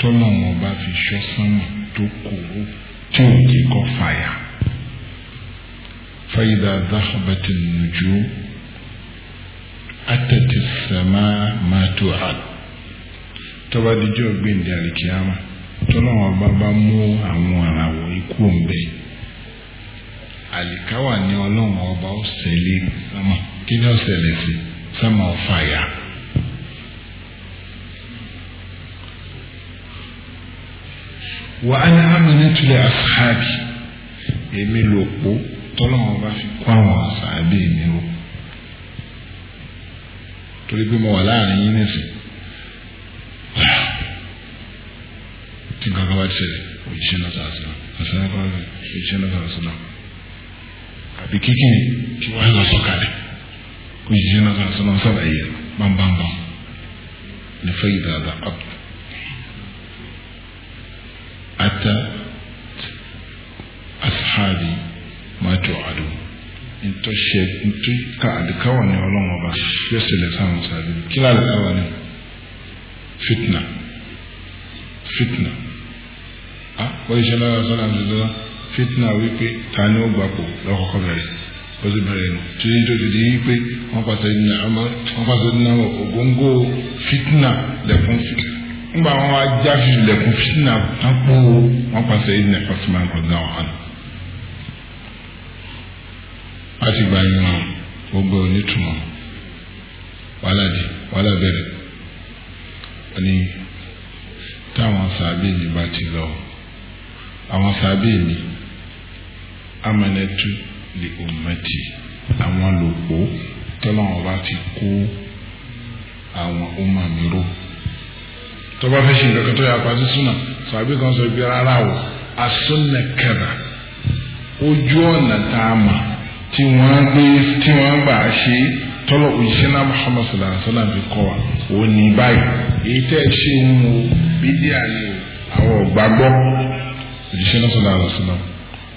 tọ́lọ́wọ́n bá fi ṣọ́ sánmà tó kòwó tí ò jẹ́ kó fàyà. fayida zahabati nuju atati sama matu al tọ́ba dijọ́ gbẹ̀ndẹ̀ alikiyama tọ́lọ́wọ́n bá bá mú àwọn àràwọ̀ ikú ọ̀nbẹ àlìkáwà ní ọlọ́wọ́n ọba ọ̀sẹ̀ lé sánmà kí ni ọ̀sẹ̀ lè sí sánmà ọ̀fàyà. wà á ní amúnitulẹ̀ asahabi èmi lò pọ̀ tọ́lọ́wọ́n bá fi kó àwọn asahabi mi rò torí pé mo wà láàrin yín nísìn tí nǹkan kan bá ti ṣẹlẹ̀ òjíṣẹ́ náà sàásì náà àṣàyàn kan rẹ̀ òjíṣẹ́ náà sàásì náà àbí kíkìrì kí wọ́n lọ sọ̀kalẹ̀ òjíṣẹ́ náà sàásì náà sábà yẹ bámbámbám lè fẹ́ ìdàgbà حتى أصحابي ما توعدون ntɔ hyɛ ntɔ ka adekawa ne ɔlɔn ɔba yɛsɛ lɛ sáwọn sáadé kila adekawa ne fitna fitna a wɔyɛ hyɛ lɛ ɔsɛ lɛ ɔsɛ fitna wípé tani ó gbapò lɔkɔkɔ bẹ̀rẹ̀ ɔsɛ bẹ̀rẹ̀ nù tuyi tó ti di wípé wọn pàṣẹ ní àwọn wọn pàṣẹ ní àwọn ògóńgó fitna lẹkùn fitna ngba wọn wá já filẹ̀kùn fitinà tápó wọn pàṣẹ yìí nà Fatima rọdà wọn. láti gba yín wọn gbogbo onítùmọ̀ wàhálà di wàhálà bẹ̀rẹ̀ ni táwọn sàbẹ̀ yìí bá ti lọ àwọn sàbẹ̀ ni amẹnẹtu lè ọmọdé àwọn lòpó tọ́lọ́wọ́n bá ti kó àwọn ọmọ mi tó bá fẹ́ ṣe nǹkan tó yà pàṣẹ súnà sàbí kan sọ bí rárá o asúnà kẹrà ojú ọ̀nà tá a mà tí wọ́n gbé tí wọ́n gbà ṣe tọ́lọ̀ òjíṣẹ́ náà Muhammad sallallahu alaihi wasallam fi kọ́ wa ò ní báyìí èyí tẹ́ ẹ ṣe ń wo bídí àyè àwọn ògbàgbọ́ òjíṣẹ́ náà sallallahu alaihi wasallam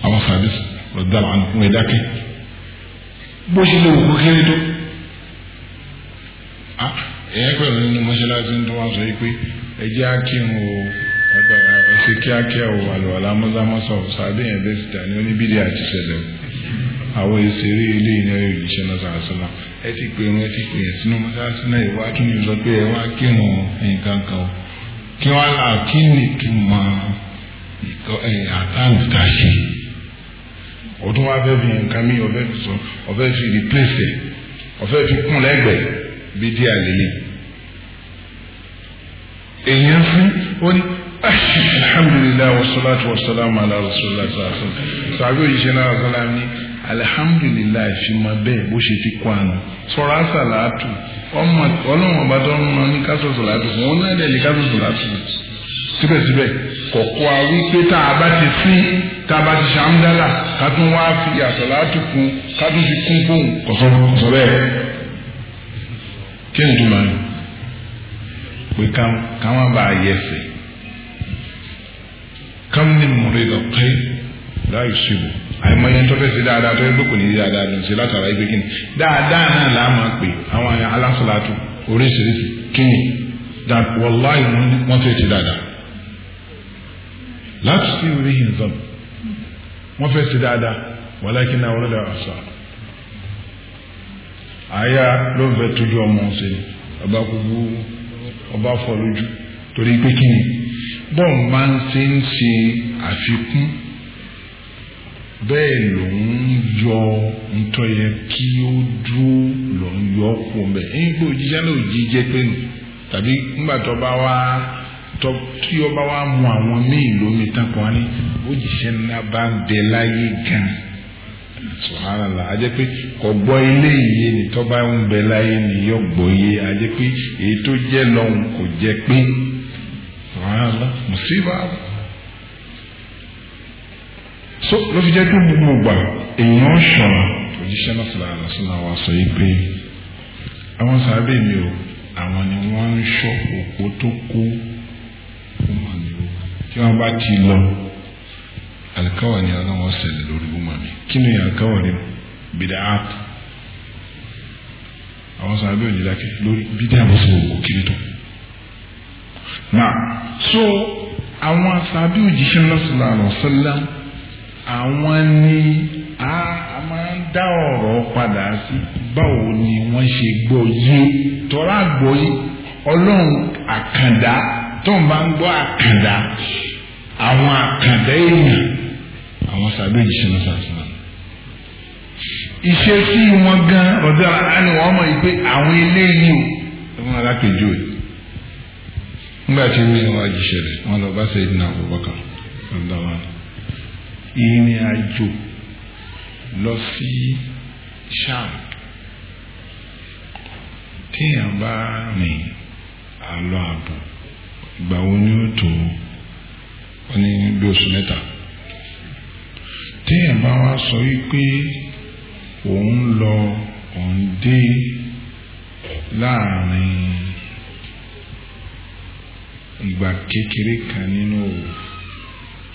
àwọn sàbí rọ̀dà àwọn ẹ̀dákẹ́ bó ṣe lè wò kéré tó ah, ẹ̀yẹ́ pẹ̀lú nínú mọ́ṣáláṣí tó wá sọ yìí pé ẹ jẹ́ akínwó agbára ọtí kíákíá o àlùwàlà mọ́sámọ́sá ọ̀sá adéyẹn bẹ́ẹ̀ sítá ní oníbídé àti ṣẹlẹ̀ àwọn ìṣeré ilé iná ìrìnsẹ̀ náà sàrásọ́lá ẹ ti pè wọn ẹ ti pè yẹn sínú mọ́sáàsì náà ìwà tún ní sọ pé ẹ wá kírun nǹkan kan kí wọ́n là kí ni túmọ̀ àtàǹtà ṣe o tún wá fẹ́ fi nǹkan mi ọ̀fẹ́ fi sọ ọ̀fẹ́ fi replace ẹ̀ fi kún lẹ́gbẹ̀ẹ́ bídí àlélẹ́yìn èèyàn fi ó ní alhamdulilayi wa salatu wa salam ala rasulillah sàásùn sàbí òyìnbó náà sàlám ní alhamdulilayi fi ma bẹ́ẹ̀ bó ṣe fi kọ́ àná sọ̀rọ̀ àsàlátù ọmọ ọlọ́run ọba tó ń mọ ní kásọ̀ sàlátù fún wọn náà dẹ̀ lè kásọ̀ sàlátù síbẹ̀síbẹ̀ kọ̀kọ́ a wípé tá a bá ti sí tá a bá ti ṣàmdálà ká tún wá fi àsàlátù kún ká tún fi kún fóun kọ̀sọ́ bẹ́ẹ̀ kí ni tó máa ń lò pé ká má bàa yẹsẹ̀ ká ní múre lọ pé láì ṣubú àìmọye tó fẹ́ ṣe dáadáa tó yẹ pé kò ní dáadáa dùn sí látara ẹgbẹ́ kí ni dáadáa náà là á máa pè àwọn alásàlátù oríṣiríṣi kí ni wàláì wọ́n fẹ́ ṣe dáadáa láti sí orí yìí nǹkan wọ́n fẹ́ ṣe dáadáa wàlákin náà wọ́n lè àṣà àyà ló ń fẹ́ tójú ọmọ ọ̀sẹ̀ ọba kúkú ọba fọ́ lójú torí pé kí ni bọ́ọ̀n máa ń ṣe ń ṣe àfikún bẹ́ẹ̀ ló ń yọ ntọ́ yẹ kí ó dúró ló ń yọ kó mbẹ́ ẹ̀yin pé òjijì náà òjijì pé nù tàbí nígbà tó bá wá tọ́ tí ó bá wá àwọn míì lómi tán kan ní òjijì náà bá ń bẹ láyé gan-an subhanallah a jẹ́ pé ọgbọ́ ilé iye ni tọ́ba ń bẹ láyé ni yóò gbọ́ iye a jẹ́ pé èyí tó jẹ́ lọ́hùn kò jẹ́ pé subhanallah mùsíbà so ló fi jẹ́ pé gbogbo ìgbà èèyàn ṣọ̀ra òjíṣẹ́ náà sọ̀rọ̀ àlọ́sọ́nà wa sọ yìí pé àwọn sábẹ́ mi o àwọn ni wọ́n ń ṣọ́ òkú tó kú fún àmì o tí wọ́n bá ti lọ alikawari ọlọ́run ọ̀sẹ̀lẹ̀ lori wúmọ̀ mi kí ni alikawari bidaat àwọn sọ abẹ́ òní dákẹ́ lórí bídẹ́ àbọ̀sọ̀ òkiri tó. na so àwọn sàbí òjìṣẹ́ lọ́sọ̀lá lọ́sọ̀lá àwọn ni a máa ń dá ọ̀rọ̀ padà sí báwo ni wọ́n ṣe gbọ́ yé tọ́lá gbọ́ yé ọlọ́run àkàndá tó ń bá ń gbọ́ àkàndá àwọn àkàndá èèyàn àwọn sàbẹ̀ ìṣẹ́ náà sàṣà. iṣẹ́ tí wọ́n gan ọ̀dọ́ àánú wọn mọ̀ pé àwọn eléyìí o ẹ̀wọ̀n alákejì o nígbà tí wọ́n yẹn wá jíṣẹ́ rẹ̀ wọ́n lọ bá sẹ́yìn náà Abubakar ọ̀dọ́wà ìrìn àjò lọ sí ṣáà téèyàn bá rìn àlọ́ àbọ̀ ìgbà wo ni ó tó ó ní bí oṣù mẹ́ta téèyàn bá wá sọ wípé òun lọ òun dé láàrin ìgbà kékeré kan nínú òwò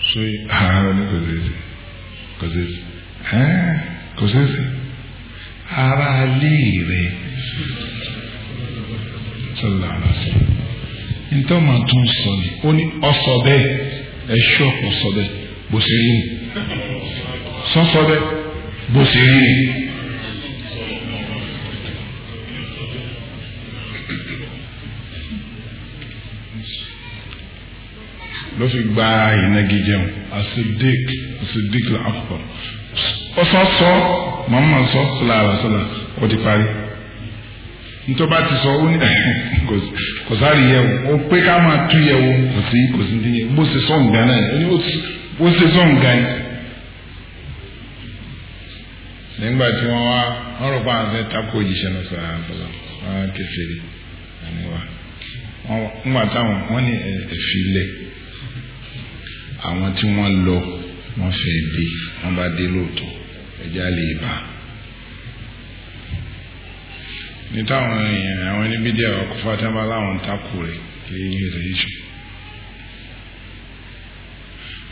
ṣé àárọ̀ ní kò sẹ́sì kò sẹ́sì ẹ́ẹ́ kò sẹ́sì ara alé rẹ̀ sọlá ara sọ nítorí màá tún sọ ni ó ní ọsọ bẹ́ẹ̀ ẹ ṣọ́ ọsọ bẹ́ẹ̀ bó ṣe rí ni sọ́sọ́ bẹ́ẹ̀ bó ṣe rí ni. ló fi gba ìnagi jẹun asidik asidik la akpọ ọsọsọ màmá sọ sọlá àlàsọlá ó ti parí ntọ́ba ti sọ ó ní [laughs] kò sáré yẹ̀wò ó pé ká máa tú yẹ̀wò kò sí kò sí ní yẹ̀wò bó ṣe sọ nǹkan náà ó ṣe sọ nǹkan yìí nígbà tí wọ́n wá wọ́n rò pé àwọn fẹ́ tako òjíṣẹ́ náà sọ̀rọ̀ àbọ̀lá wọ́n kékeré àníwá nígbà táwọn wọ́n ní ẹ̀fílẹ̀ àwọn tí wọ́n lọ wọ́n fẹ́ dé wọ́n bá dé lóòótọ́ ẹ̀já lè bá ní táwọn èèyàn àwọn níbi díẹ̀ ọkọ̀ fatábá láwọn tako rẹ̀ kí eyín rẹ̀ yíṣu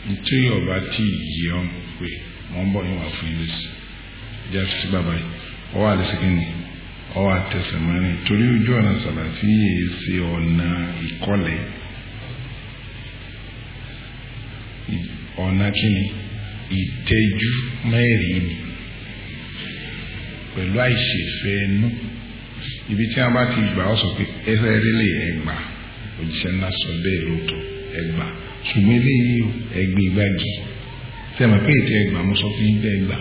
nítorí ọba tí ìyẹ́ ọ̀hún pé wọ́n bọ̀ yín fún yín lẹ́sìn já sí bàbá yìí ọwọ́ àlẹ́sìkìnì ọwọ́ àtẹsẹ̀mọ́rin torí ojú ọ̀nà sàlàfí yìí ṣe o ìkọlẹ̀ ọ̀nà kíni ìtẹ́jú mẹ́rin ni pẹ̀lú àìṣèfẹ́ ẹnu ibi tí wọ́n bá ti gbà ọ́ sọ pé ẹsẹ̀ rélé ẹgbà òjíṣẹ́ ńlá sọ bẹ́ẹ̀ lóòótọ́ ẹgbà ṣùgbọ́n eléyìí ẹgbẹ́ ìgbàgì e sẹ́mi pé ètò ẹgbà mo sọ fún yín bẹ́ẹ̀ gbà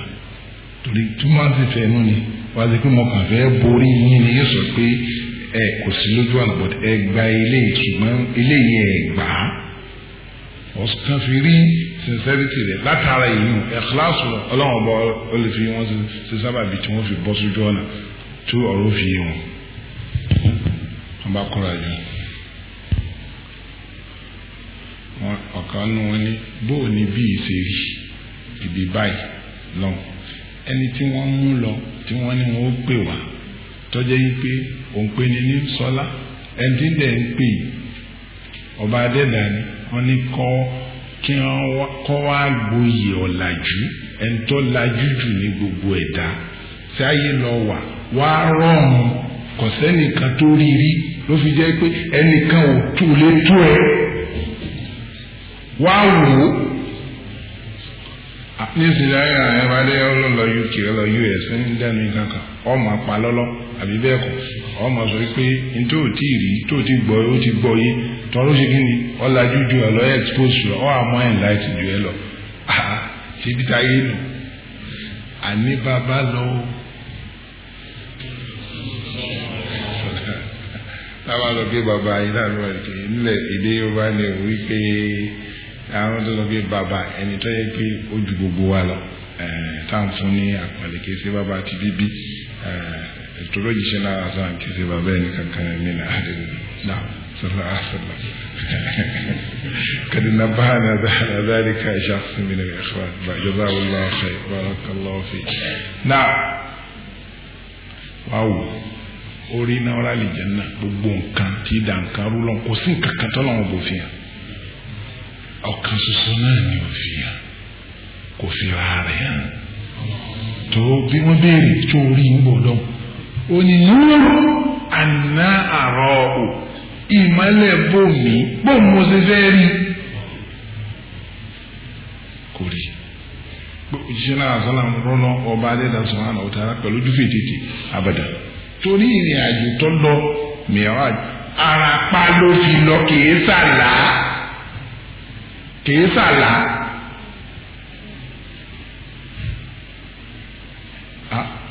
torí tí wọ́n ti fẹ́ mú ni wọ́n ti pé mo kàn fẹ́ borí yín ni yóò sọ pé ẹ kò sí lójú àná bọ́t ẹ gba eléyìí ṣùgbọ́n eléyìí ẹ gbà á ọ̀sán fi rí sincerity rẹ̀ látara ìyún ẹ̀kíláàsì rẹ̀ ọlọ́run ọba olùfi wọn ṣe sábàbí tí wọ́n fi bọ́ sójú ọ̀nà tí ọ̀rọ̀ fi yé wọn wọ́n bá kọ́ra jù ọ̀kan nù wọn ni bóò ni bíi ṣe rí ibi báyìí lọ́hùn ẹni tí wọ́n mú lọ tí wọ́n ní wọ́n pè wá tọ́jẹ́ yín pé òun pè ní ní sọ́lá ẹni tí dẹ̀ ń pè ọba adẹ́dà ni wọ́n ní kọ́ kí wọ́n kọ́ wá gboyè ọ̀làjú ẹni tó lajú jù ní gbogbo ẹ̀dá tí ayé lọ wà wá rọrùn kò sẹ́nìkan tó rí rí ló fi jẹ́ pé ẹnìkan ò tù lé tú ẹ wá wò ó. nísìnyí láyé àwọn UK ọlọ US ń dẹ́nu ọmọ apalọ́lọ́ àbí bẹ́ẹ̀ kọ́ ọmọ sọ pé ntó rí tó ti gbọ́ ó ti gbọ́ yé tọ́lú ṣe kí ni ju àmọ́ ẹ̀ láìsí ju ẹ lọ àní bàbá lọ àwọn tó sọ pé bàbá ẹni tó yẹ pé ó ju gbogbo wa lọ táwọn fún ní àpàlẹ kì í ṣe bàbá àti bíbí ìtòrò jíṣẹ́ náà àtàwọn àti ṣe bàbá ẹni kankan nínú àdéhùn náà sọ̀rọ̀ àṣọ̀lá قد نبهنا على ذلك شخص من الإخوان جزاه الله خير بارك الله فيك نعم واو orí náà rálì jẹ́ náà gbogbo nǹkan tí dànkan rú lọ́n kò sí nǹkan kan tó lọ́n bò fi hàn ọ̀kan ṣoṣo náà ni ò fi hàn kò fi ra rẹ̀ hàn tó bí wọ́n béèrè tó rí ń bọ̀ lọ́wọ́ ó ní nínú àná àrọ̀ ò ìmọ̀lẹ̀ bòmí bòmí mo ṣe fẹ́ rí kò rí òjíṣẹ́ náà sọ́lá ń rọ́nà ọba adéda sọ̀rọ̀ àwọn ọ̀tara pẹ̀lú dúfẹ́ tètè abàdà torí ìrìn àjò tó lọ mìíràn ara ló fi lọ kì í sàlá kìí sàlá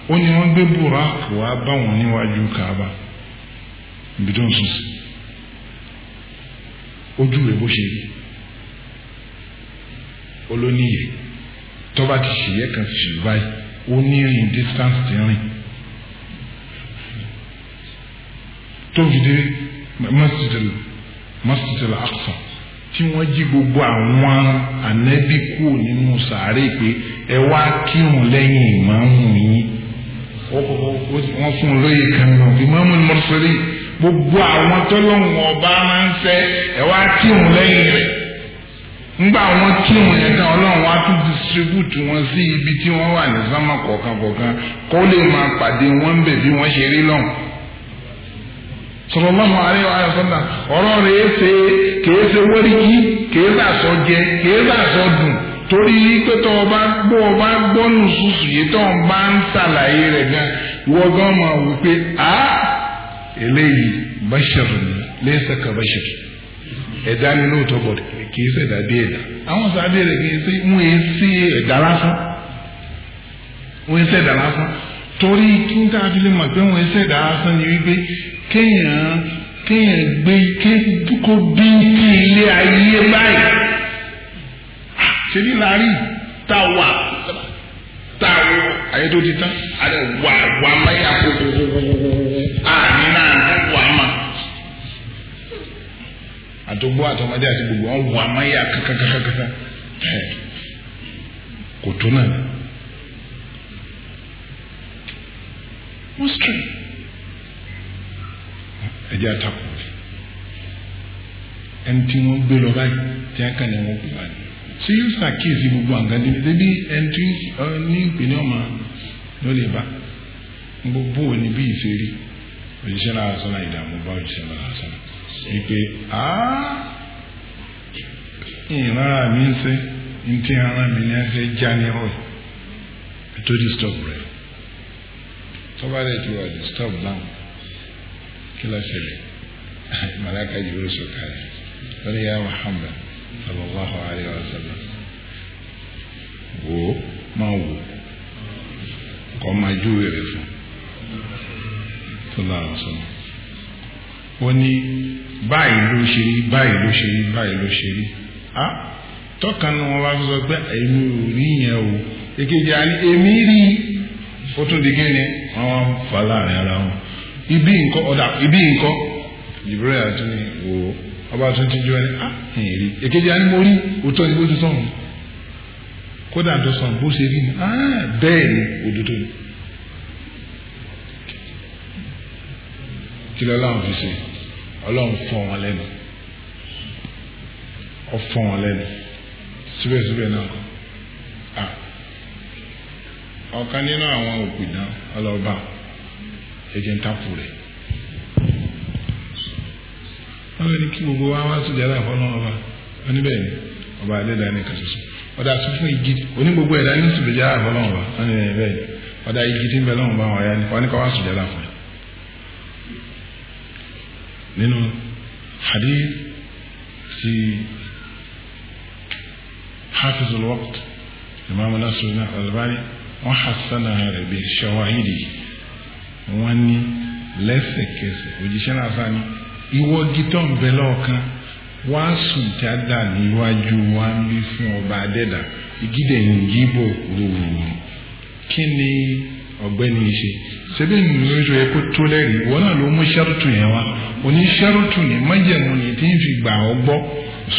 ó ní wọ́n gbé burak wá báwọn níwájú kaaba a tó ń sùn sí ojú rẹ̀ bó ṣe rí olóníyè tọ́ba ti ṣèyẹ kan sì báyìí ó ní ìrìn distance ti rìn tó fi dé masjid al-aqsa. tí wọ́n jí gbogbo àwọn ànábì kúrò nínú sàárè pé ẹ wá kírun lẹ́yìn ìmáàmù yín wọ́n fún un lóye kan náà ìmáàmù ni mo sọ rí gbogbo àwọn tọ́lọ́hùn ọba máa ń fẹ́ ẹ wá kírun lẹ́yìn rẹ̀ ngba àwọn kírun yẹn tán ọlọ́run wá tún distribute wọn sí ibi tí wọ́n wà ní sámà kọ̀ọ̀kan kọ̀ọ̀kan kó lè máa pàdé wọn bẹ̀ bí wọ́n ṣe rí lọ́hùn. sọlọ́láhùn àríwá àyọ̀sọ́nà ọ̀rọ̀ rẹ̀ ṣe kìí ṣe wẹ́ríkì kìí bá sọ jẹ kìí bá sọ dùn torí pé tọ́ ọba gbọ́ ọba gbọ́nù sùsù yìí tọ́ ọ bá ń ṣàlàyé rẹ̀ gan ìwọ gan máa wù pé a eléyìí báṣẹ̀rù ni lẹ́sẹ̀ kan báṣẹ̀rù ẹ̀dá ni lóòótọ́ bọ̀ kìí ṣe ẹ̀dá bí ẹ̀dá àwọn sàdé rẹ̀ kìí ṣe wọ́n ẹ̀ ṣe ẹ̀dá lásán wọ́n ṣe lásán torí kí n ká fi lè pé ṣe kéèyàn kéèyàn gbé kó bí kí ilé ayé báyìí ṣe ní láàárín tá a wà tá a wọ ayé tó ti tán àti wà wà máyà àní náà wà má àtúgbò àtọmọdé àti gbogbo wọn wà máyà kankankankan kò tó náà. tí wọ́n gbé lọ báyìí tí wọ́n kàn ní wọ́n gbé báyìí ṣé yóò ṣàkíyèsí gbogbo àǹgàdé débi ẹni tí ní ìpínlẹ̀ ọ̀ma ló lè bá gbogbo òní bí ìṣeré òṣìṣẹ́ náà sọ́nà ìdààmú bá òṣìṣẹ́ náà sọ́nà ìpè á ìrara mi ń sẹ́ ní tí ara mi ní ẹsẹ̀ já ní rọ̀ tó disturb rẹ̀ tọ́ba rẹ̀ ti wà disturb náà kí lọ́ọ́ ṣẹlẹ̀ màláka yìí ó sọ kárẹ̀. بل يا محمد صلى الله عليه وسلم wò ó máa wò kọ́ máa júwe rẹ̀ fún sọlá àlọ́sọ̀nà ó ní báyìí ló ṣe rí báyìí ló ṣe rí wọn wá sọ pé èmi ò rí yẹn o èkejì àní ọba tó ti jọ ẹni ah èrè èkejì á ní mo rí òótọ́ ni bó ti sọ̀rọ̀ kódà tó sọ̀rọ̀ bó ṣe rí ni ah bẹ́ẹ̀ ni òdodo ni. kí lọ́la ń fi ṣe ọlọ́run fọ́ wọn lẹ́nu ọ fọ́ wọn lẹ́nu síbẹ̀síbẹ̀ náà ah ọ̀kan nínú àwọn òpìdán ọlọ́ba ẹ̀jẹ̀ ń tàpù rẹ̀. onye ní kí gbogbo wa wá sùjádà fọ́nà ọba oníbẹ̀ ni ọba adẹ́dà ní kan ṣoṣo ọ̀dà sọ fún igi oní gbogbo ẹ̀dá ní sùjádà fọ́nà ọba oníbẹ̀ bẹ́ẹ̀ ni igi tí ń bẹ lọ́wọ́ bá wọn ya ni wọ́n ní ká wá sùjádà fún ẹ. nínú ti hafiz al imam ìwọ gítọ̀ ń bẹ lọ́ọ̀kan wá sùn tí a dà níwájú wa ń bí fún ọba adẹ́dà ìgídẹ̀ yìnbó lòwòrò kí ni ọ̀gbẹ́ni ṣe ṣebí nìyóso yẹ kó tó lẹ́rìí wọn náà ló mú ṣẹ́rùtù yẹn wá oní ṣẹ́rùtù ní májẹ̀mú ni tí ń fi gbà ọ́ gbọ́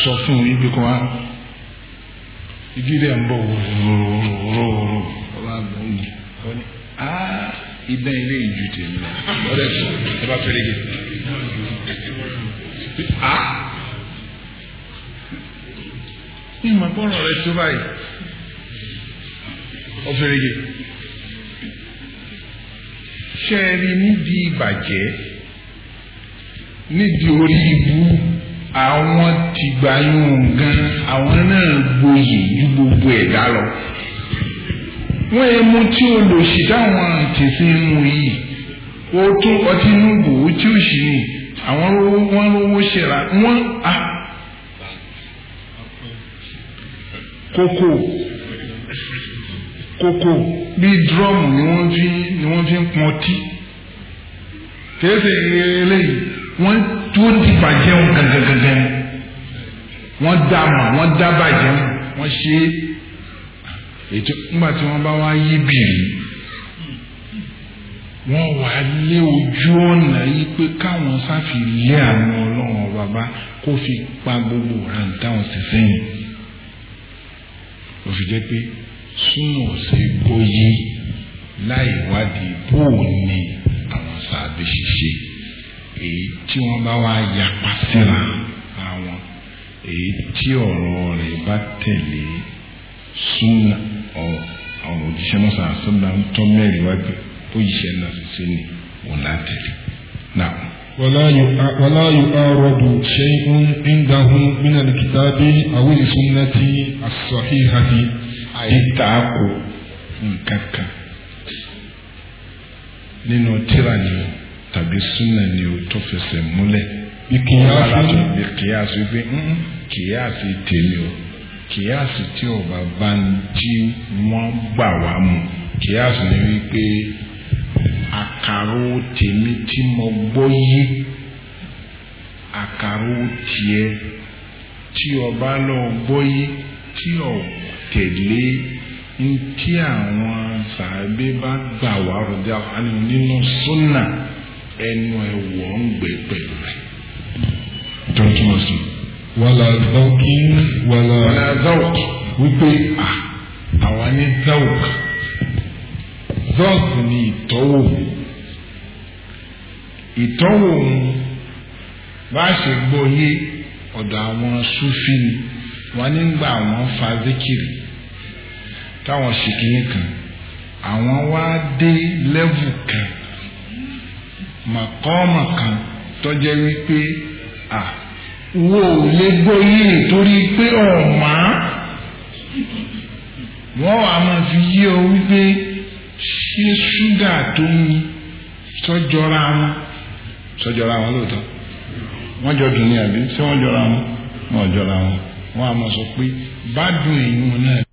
sọ fún un ibi kan wá ìgídẹ̀ ń bọ̀ wòròwòrò ọba àgbọ̀nyìn ọ ní á ìdán ilé ìjù tèmi lọ ọdẹ tó ẹ bá fẹ́rẹ́ gé a ah. ìmọ̀ bọ́rọ̀ rẹ tó báyìí ọ̀fẹ́rẹ́yẹ ṣe é rí níbi ìbàjẹ́ níbi orí ibú àwọn tìgbàyún gan àwọn náà gboyè ju gbogbo ẹ̀dá lọ wọ́n ẹ mú tí olùsí táwọn tẹ̀sí ń mú yìí wọ́n tún ọtí nùgbò tí ó ṣì ní àwọn wọ́n lówó ṣẹ̀ra wọ́n a kókó kókó bíi drọ́ọ̀mù ni wọ́n fi ni wọ́n fi ń pọn ọtí kèéfè eléyìí wọ́n tó ti bàjẹ́ wọn gàgàgàgà wọ́n dá mà wọ́n dá bàjẹ́ wọn ṣe ètò ńgbà tí wọ́n bá wá yí bìrì wọ́n wàá lé ojú ọ̀nà yìí pé káwọn sáfì lé àwọn ọlọ́run bàbá kó fi pa gbogbo ràn táwọn sì sẹ́yìn òfin jẹ́ pé súnmọ̀ sí gbóyè láì wádìí bóò ni àwọn sáàbì ṣiṣẹ́ èyí tí wọ́n bá wá yapa síra àwọn èyí tí ọ̀rọ̀ rẹ̀ bá tẹ̀lé súnmọ̀ ọ̀rọ̀ òjíṣẹ́ náà sàásùnmọ̀ tó mẹ́rin wá òjíṣẹ́ náà fi sí ni òun ولا يعارض شيء عندهم من الكتاب أو السنة الصحيحة àìtàkù nǹkan kan nínú tíra ni o tàbí súnà ni o tó fẹsẹ̀ múlẹ̀ bí kíyàsí bí kíyàsí pé kíyàsí tèmi o kíyàsí mu ni àkàrò tèmi tí mo gbọ́ yé àkàrò tiẹ̀ tí ọba lọ gbọ́ tí ọ tẹ̀lé ntí àwọn sàábé bá gbà wá rọ̀dá àánú nínú súnà ẹnu ẹ̀wọ̀ ń rẹ̀. wípé Zọ́ọ̀t ni ìtọ́wò ìtọ́wò òun bá ṣe gbọ́ yé ọ̀dọ̀ àwọn Súfì ni wọ́n nígbà wọ́n fa zikiri táwọn ṣe kìíní kan àwọn wá dé lẹ́vù kan màkọ́ọ̀mà kan tọ́jẹ́ wípé à wo ò lè gbọ́ yé torí pé ọ̀mà wọ́n wàá fi yé ọ wípé sí ṣúgà tó ń sọ́jọ́ra wọn sọ́jọ́ra wọn lóòótọ́ wọ́n jọ dùn ní àbí tí wọ́n jọra wọn wọ́n jọra wọn wọ́n á mọ̀ sọ pé bá dùn èyí wọn náà.